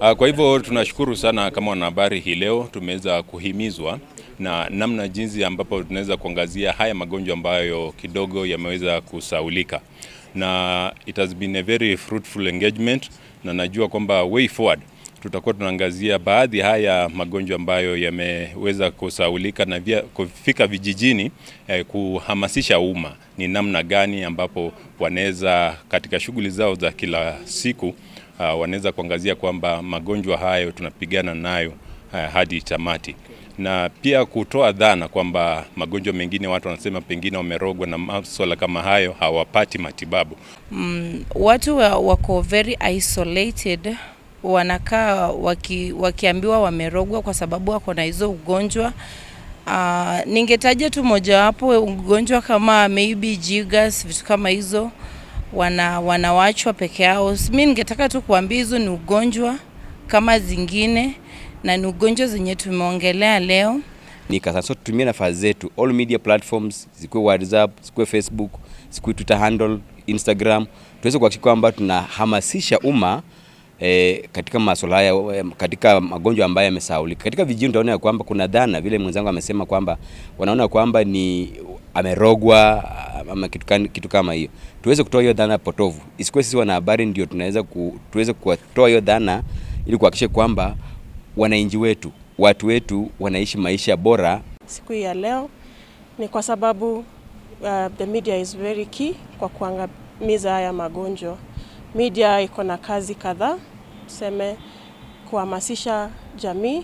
Ah, kwa hivyo tunashukuru sana kama wanahabari, hii leo tumeweza kuhimizwa na namna jinsi ambapo tunaweza kuangazia haya magonjwa ambayo kidogo yameweza kusaulika, na it has been a very fruitful engagement, na najua kwamba way forward tutakuwa tunaangazia baadhi haya magonjwa ambayo yameweza kusaulika na vya kufika vijijini eh, kuhamasisha umma ni namna gani ambapo wanaweza katika shughuli zao za kila siku uh, wanaweza kuangazia kwamba magonjwa hayo tunapigana nayo uh, hadi tamati na pia kutoa dhana kwamba magonjwa mengine watu wanasema pengine wamerogwa na maswala kama hayo hawapati matibabu. Mm, watu wako very isolated, wanakaa waki, wakiambiwa wamerogwa kwa sababu wako na hizo ugonjwa. Uh, ningetaja tu mojawapo ugonjwa kama maybe jigas, vitu kama hizo wana wanawachwa peke yao. Mimi ningetaka tu kuambia hizo ni ugonjwa kama zingine, na ni ugonjwa zenye tumeongelea leo. Ni so tutumie nafasi zetu, all media platforms zikuwe WhatsApp, zikuwe Facebook, zikuwe Twitter handle, Instagram, tuweze kuhakikisha kwamba tunahamasisha umma E, katika masuala haya eh, katika magonjwa ambayo yamesahaulika katika vijijini, tunaona kwamba kuna dhana vile mwenzangu amesema kwamba wanaona kwamba ni amerogwa ama kitu, kitu kama hiyo. Tuweze kutoa hiyo dhana potovu, isikuwe sisi wanahabari ndio tunaweza ku, tuweze kutoa hiyo dhana ili kuhakikisha kwamba wananchi wetu watu wetu wanaishi maisha bora. Siku ya leo ni kwa sababu uh, the media is very key kwa kuangamiza haya magonjwa. Media iko na kazi kadhaa, tuseme kuhamasisha jamii,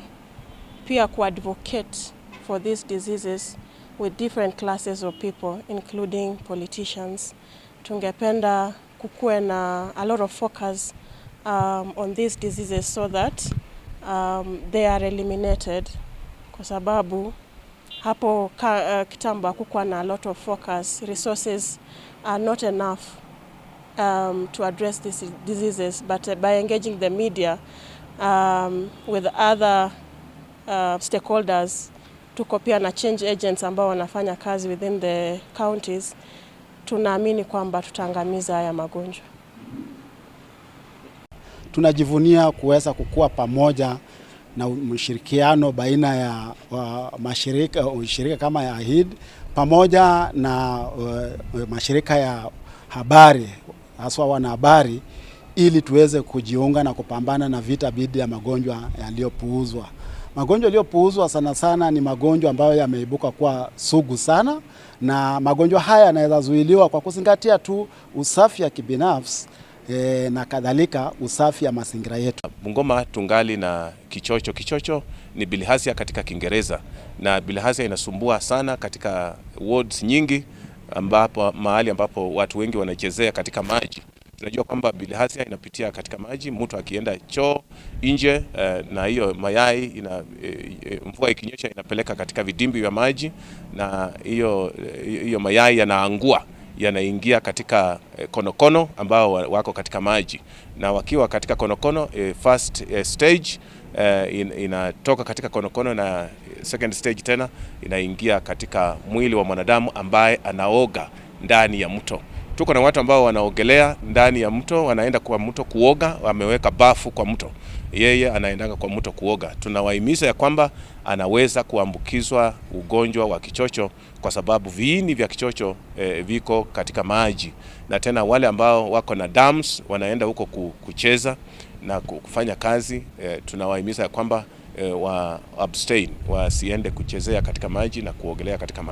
pia kuadvocate for these diseases with different classes of people including politicians. Tungependa kukuwe na a lot of focus um, on these diseases so that um, they are eliminated kwa sababu hapo ka, uh, kitambo hakukuwa na a lot of focus. Resources are not enough um, to address these diseases but uh, by engaging the media um, with other uh, stakeholders tuko pia na change agents ambao wanafanya kazi within the counties. Tunaamini kwamba tutaangamiza haya magonjwa. Tunajivunia kuweza kukua pamoja na mshirikiano baina ya uh, mashirika, mashirika kama ya AHID pamoja na uh, mashirika ya habari haswa wanahabari ili tuweze kujiunga na kupambana na vita dhidi ya magonjwa yaliyopuuzwa. Magonjwa yaliyopuuzwa sana sana ni magonjwa ambayo yameibuka kuwa sugu sana, na magonjwa haya yanaweza zuiliwa kwa kuzingatia tu usafi ya kibinafsi e, na kadhalika usafi ya mazingira yetu. Bungoma tungali na kichocho. Kichocho ni bilhazia katika Kiingereza, na bilhazia inasumbua sana katika wards nyingi ambapo mahali ambapo watu wengi wanachezea katika maji tunajua kwamba bilhasia inapitia katika maji, mtu akienda choo nje eh, na hiyo mayai ina, eh, eh mvua ikinyesha inapeleka katika vidimbi vya maji na hiyo eh, hiyo mayai yanaangua yanaingia katika eh, konokono ambao wako katika maji na wakiwa katika konokono eh, first eh, stage eh, in, inatoka katika konokono na second stage tena inaingia katika mwili wa mwanadamu ambaye anaoga ndani ya mto. Tuko na watu ambao wanaogelea ndani ya mto, wanaenda kwa mto kuoga, wameweka bafu kwa mto, yeye anaendaga kwa mto kuoga. Tunawahimiza ya kwamba anaweza kuambukizwa ugonjwa wa kichocho kwa sababu viini vya kichocho e, viko katika maji, na tena wale ambao wako na dams wanaenda huko kucheza na kufanya kazi e, tunawahimiza ya kwamba e, wa abstain wasiende kuchezea katika maji na kuogelea katika maji.